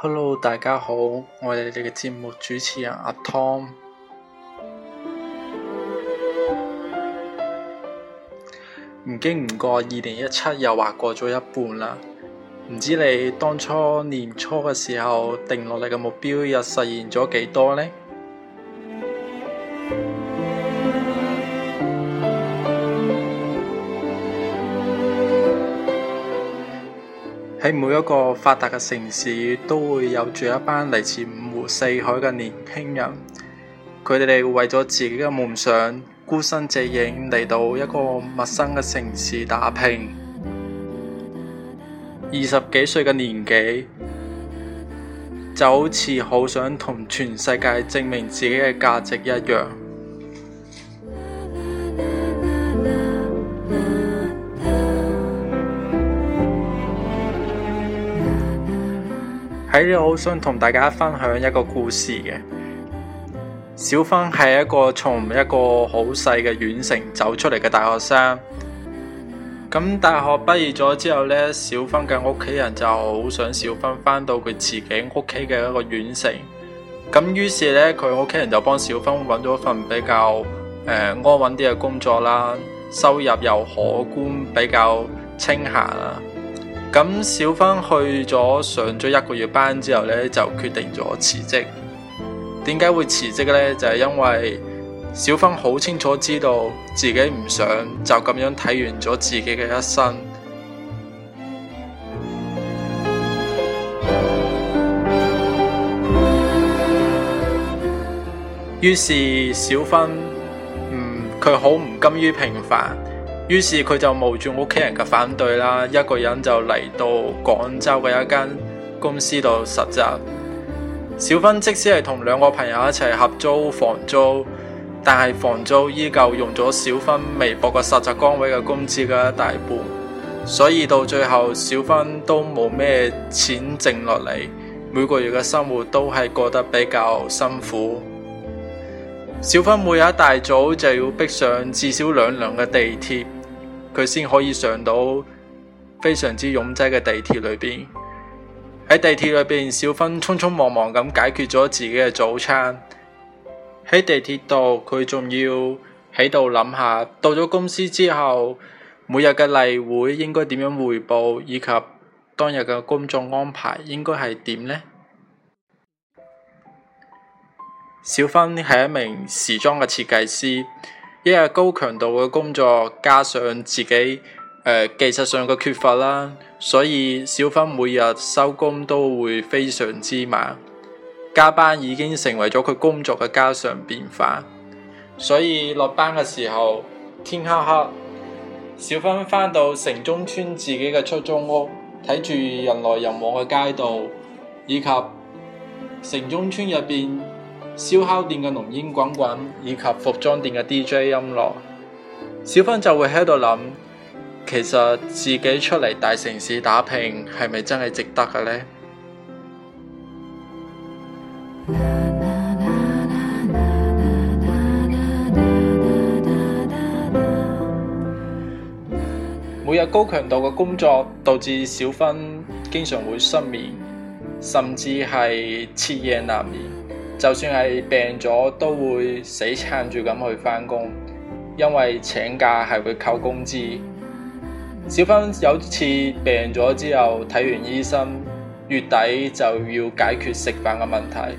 Hello，大家好，我係你哋嘅節目主持人阿 Tom。唔經唔覺，二零一七又話過咗一半啦，唔知你當初年初嘅時候定落嚟嘅目標，又實現咗幾多呢？喺每一個發達嘅城市，都會有住一班嚟自五湖四海嘅年輕人。佢哋為咗自己嘅夢想，孤身隻影嚟到一個陌生嘅城市打拼。二十幾歲嘅年紀，就好似好想同全世界證明自己嘅價值一樣。喺呢度好想同大家分享一個故事嘅。小芬係一個從一個好細嘅縣城走出嚟嘅大學生。咁大學畢業咗之後呢，小芬嘅屋企人就好想小芬翻到佢自己屋企嘅一個縣城。咁於是呢，佢屋企人就幫小芬揾咗一份比較、呃、安穩啲嘅工作啦，收入又可觀，比較清閒啦。咁小芬去咗上咗一個月班之後呢，就決定咗辭職。點解會辭職呢？就係因為小芬好清楚知道自己唔想就咁樣睇完咗自己嘅一生。於是小芬，嗯，佢好唔甘於平凡。於是佢就冒住屋企人嘅反對啦，一個人就嚟到廣州嘅一間公司度實習。小芬即使係同兩個朋友一齊合租房租，但係房租依舊用咗小芬微薄嘅實習崗位嘅工資嘅一大半，所以到最後小芬都冇咩錢剩落嚟，每個月嘅生活都係過得比較辛苦。小芬每日一大早就要逼上至少兩輛嘅地鐵。佢先可以上到非常之擁擠嘅地鐵裏邊。喺地鐵裏邊，小芬匆匆忙忙咁解決咗自己嘅早餐。喺地鐵度，佢仲要喺度諗下，到咗公司之後，每日嘅例會應該點樣匯報，以及當日嘅工作安排應該係點呢？小芬係一名時裝嘅設計師。因為高強度嘅工作，加上自己、呃、技術上嘅缺乏啦，所以小芬每日收工都會非常之晚，加班已經成為咗佢工作嘅家常便飯。所以落班嘅時候天黑黑，小芬翻到城中村自己嘅出租屋，睇住人來人往嘅街道以及城中村入邊。燒烤店嘅濃煙滾滾，以及服裝店嘅 DJ 音樂，小芬就會喺度諗：其實自己出嚟大城市打拼，係咪真係值得嘅呢？ 每日高強度嘅工作，導致小芬經常會失眠，甚至係徹夜難眠。就算係病咗，都會死撐住咁去返工，因為請假係會扣工資。小芬有次病咗之後，睇完醫生，月底就要解決食飯嘅問題，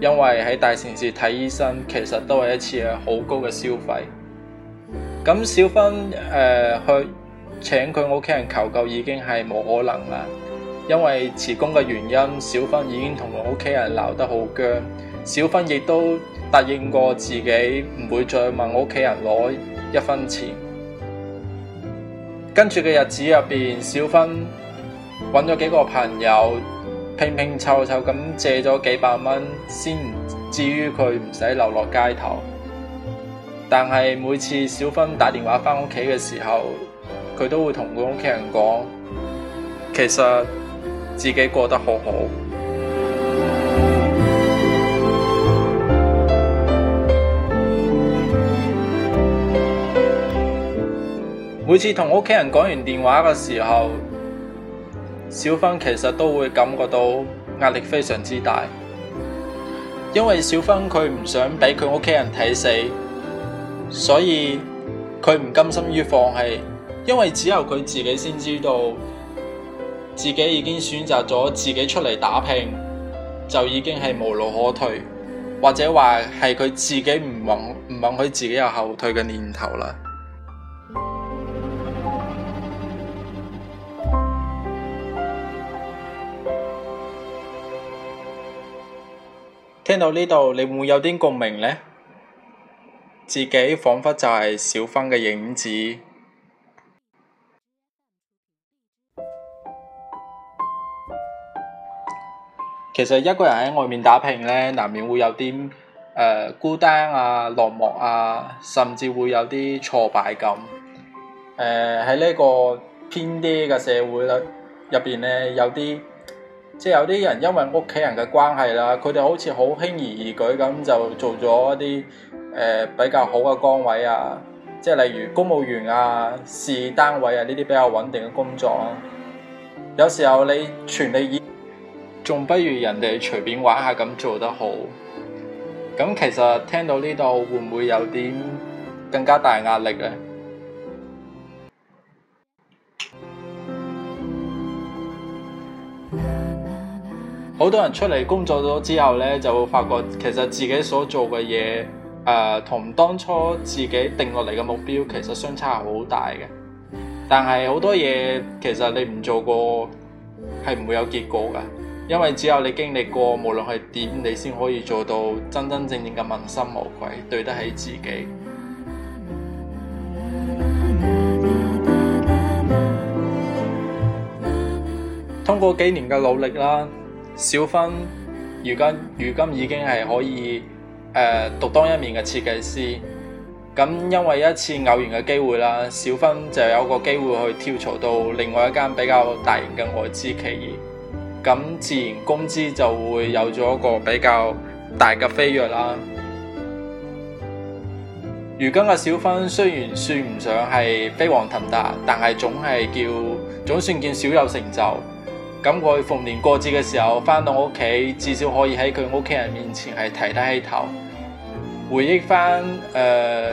因為喺大城市睇醫生其實都係一次好高嘅消費。咁小芬誒、呃、去請佢屋企人求救已經係冇可能啦，因為辭工嘅原因，小芬已經同佢屋企人鬧得好僵。小芬亦都答應過自己唔會再問我屋企人攞一分錢。跟住嘅日子入邊，小芬揾咗幾個朋友拼拼湊湊咁借咗幾百蚊，先至於佢唔使流落街頭。但係每次小芬打電話翻屋企嘅時候，佢都會同佢屋企人講，其實自己過得好好。每次同屋企人講完電話嘅時候，小芬其實都會感覺到壓力非常之大，因為小芬佢唔想俾佢屋企人睇死，所以佢唔甘心於放棄，因為只有佢自己先知道，自己已經選擇咗自己出嚟打拼，就已經係無路可退，或者話係佢自己唔允唔允許自己有後退嘅念頭啦。聽到呢度，你會唔會有啲共鳴呢？自己彷彿就係小芬嘅影子。其實一個人喺外面打拼呢，難免會有啲誒、呃、孤單啊、落寞啊，甚至會有啲挫敗感。誒喺呢個偏啲嘅社會啦，入邊呢，有啲。即係有啲人因為屋企人嘅關係啦，佢哋好似好輕而易舉咁就做咗一啲誒、呃、比較好嘅崗位啊，即係例如公務員啊、事業單位啊呢啲比較穩定嘅工作啊。有時候你全力以赴，仲不如人哋隨便玩一下咁做得好。咁其實聽到呢度會唔會有啲更加大壓力咧？好多人出嚟工作咗之後呢，就會發覺其實自己所做嘅嘢，誒、呃，同當初自己定落嚟嘅目標其實相差好大嘅。但係好多嘢其實你唔做過係唔會有結果㗎，因為只有你經歷過，無論係點，你先可以做到真真正正嘅問心無愧，對得起自己。通過幾年嘅努力啦。小芬如今如今已經係可以誒、呃、獨當一面嘅設計師，咁因為一次偶然嘅機會啦，小芬就有個機會去跳槽到另外一間比較大型嘅外資企業，咁自然工資就會有咗一個比較大嘅飛躍啦。如今嘅小芬雖然算唔上係飛黃騰達，但係總係叫總算見小有成就。咁佢逢年過節嘅時候翻到屋企，至少可以喺佢屋企人面前係提得起頭，回憶翻誒、呃、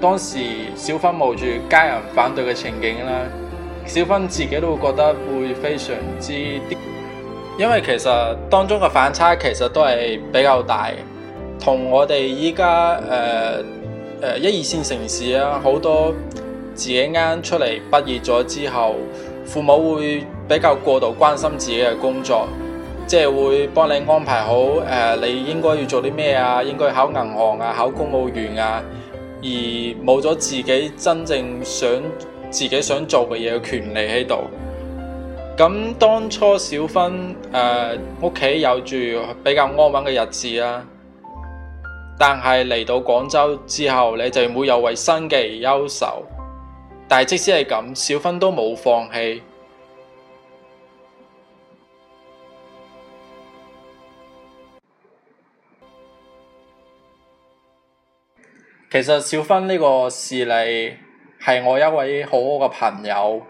當時小芬冒住家人反對嘅情景啦。小芬自己都會覺得會非常之，因為其實當中嘅反差其實都係比較大，同我哋依家誒誒一二線城市啊，好多自己啱出嚟畢業咗之後，父母會，比較過度關心自己嘅工作，即係會幫你安排好，誒、呃，你應該要做啲咩啊？應該考銀行啊，考公務員啊，而冇咗自己真正想自己想做嘅嘢嘅權利喺度。咁當初小芬誒屋企有住比較安穩嘅日子啦，啊，但係嚟到廣州之後，你就會有為生計而憂愁。但係即使係咁，小芬都冇放棄。其實小芬呢個事例係我一位好好嘅朋友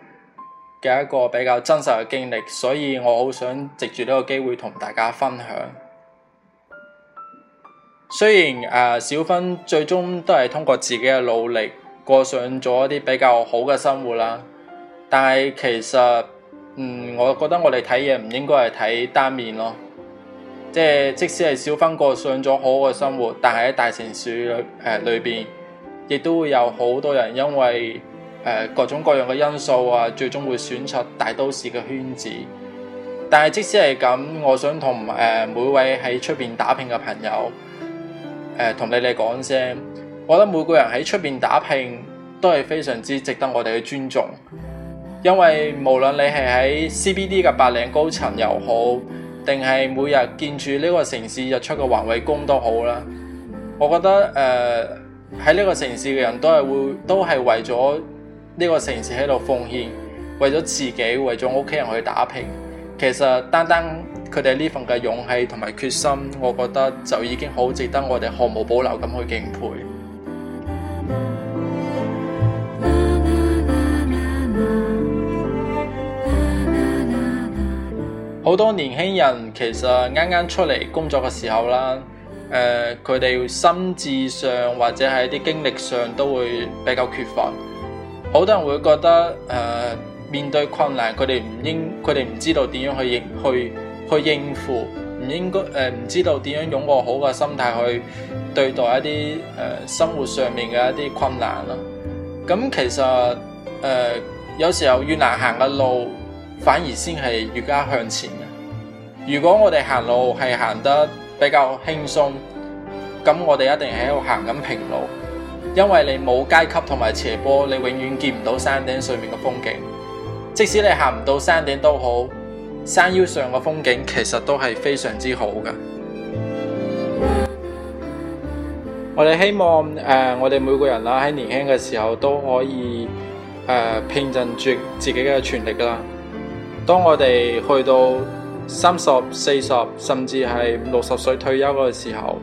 嘅一個比較真實嘅經歷，所以我好想藉住呢個機會同大家分享。雖然誒小芬最終都係通過自己嘅努力過上咗一啲比較好嘅生活啦，但係其實嗯，我覺得我哋睇嘢唔應該係睇單面咯。即係即使係小芬過上咗好好嘅生活，但係喺大城市裏誒裏邊，亦、呃、都會有好多人因為誒、呃、各種各樣嘅因素啊，最終會選擇大都市嘅圈子。但係即使係咁，我想同誒、呃、每位喺出邊打拼嘅朋友誒同、呃、你哋講聲，我覺得每個人喺出邊打拼都係非常之值得我哋去尊重，因為無論你係喺 CBD 嘅白領高層又好。定係每日見住呢個城市日出嘅環衞工都好啦，我覺得誒喺呢個城市嘅人都係會都係為咗呢個城市喺度奉獻，為咗自己，為咗屋企人去打拼。其實單單佢哋呢份嘅勇氣同埋決心，我覺得就已經好值得我哋毫無保留咁去敬佩。好多年輕人其實啱啱出嚟工作嘅時候啦，誒佢哋心智上或者係啲經歷上都會比較缺乏。好多人會覺得誒、呃、面對困難，佢哋唔應佢哋唔知道點樣去應去去應付，唔應該誒唔知道點樣擁個好嘅心態去對待一啲誒、呃、生活上面嘅一啲困難啦。咁其實誒、呃、有時候越難行嘅路，反而先係越加向前嘅。如果我哋行路係行得比較輕鬆，咁我哋一定係喺度行緊平路。因為你冇階級同埋斜坡，你永遠見唔到山頂上面嘅風景。即使你行唔到山頂都好，山腰上嘅風景其實都係非常之好㗎、呃。我哋希望誒，我哋每個人啦、啊、喺年輕嘅時候都可以誒拼盡住自己嘅全力啦。當我哋去到三十四十，甚至係六十歲退休嘅時候，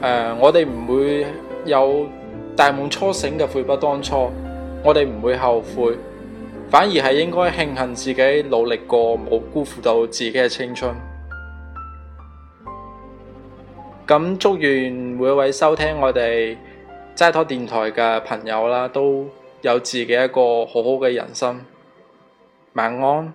呃，我哋唔會有大夢初醒嘅悔不當初，我哋唔會後悔，反而係應該慶幸自己努力過，冇辜負到自己嘅青春。咁祝願每一位收聽我哋齋拖電台嘅朋友啦，都有自己一個好好嘅人生。晚安。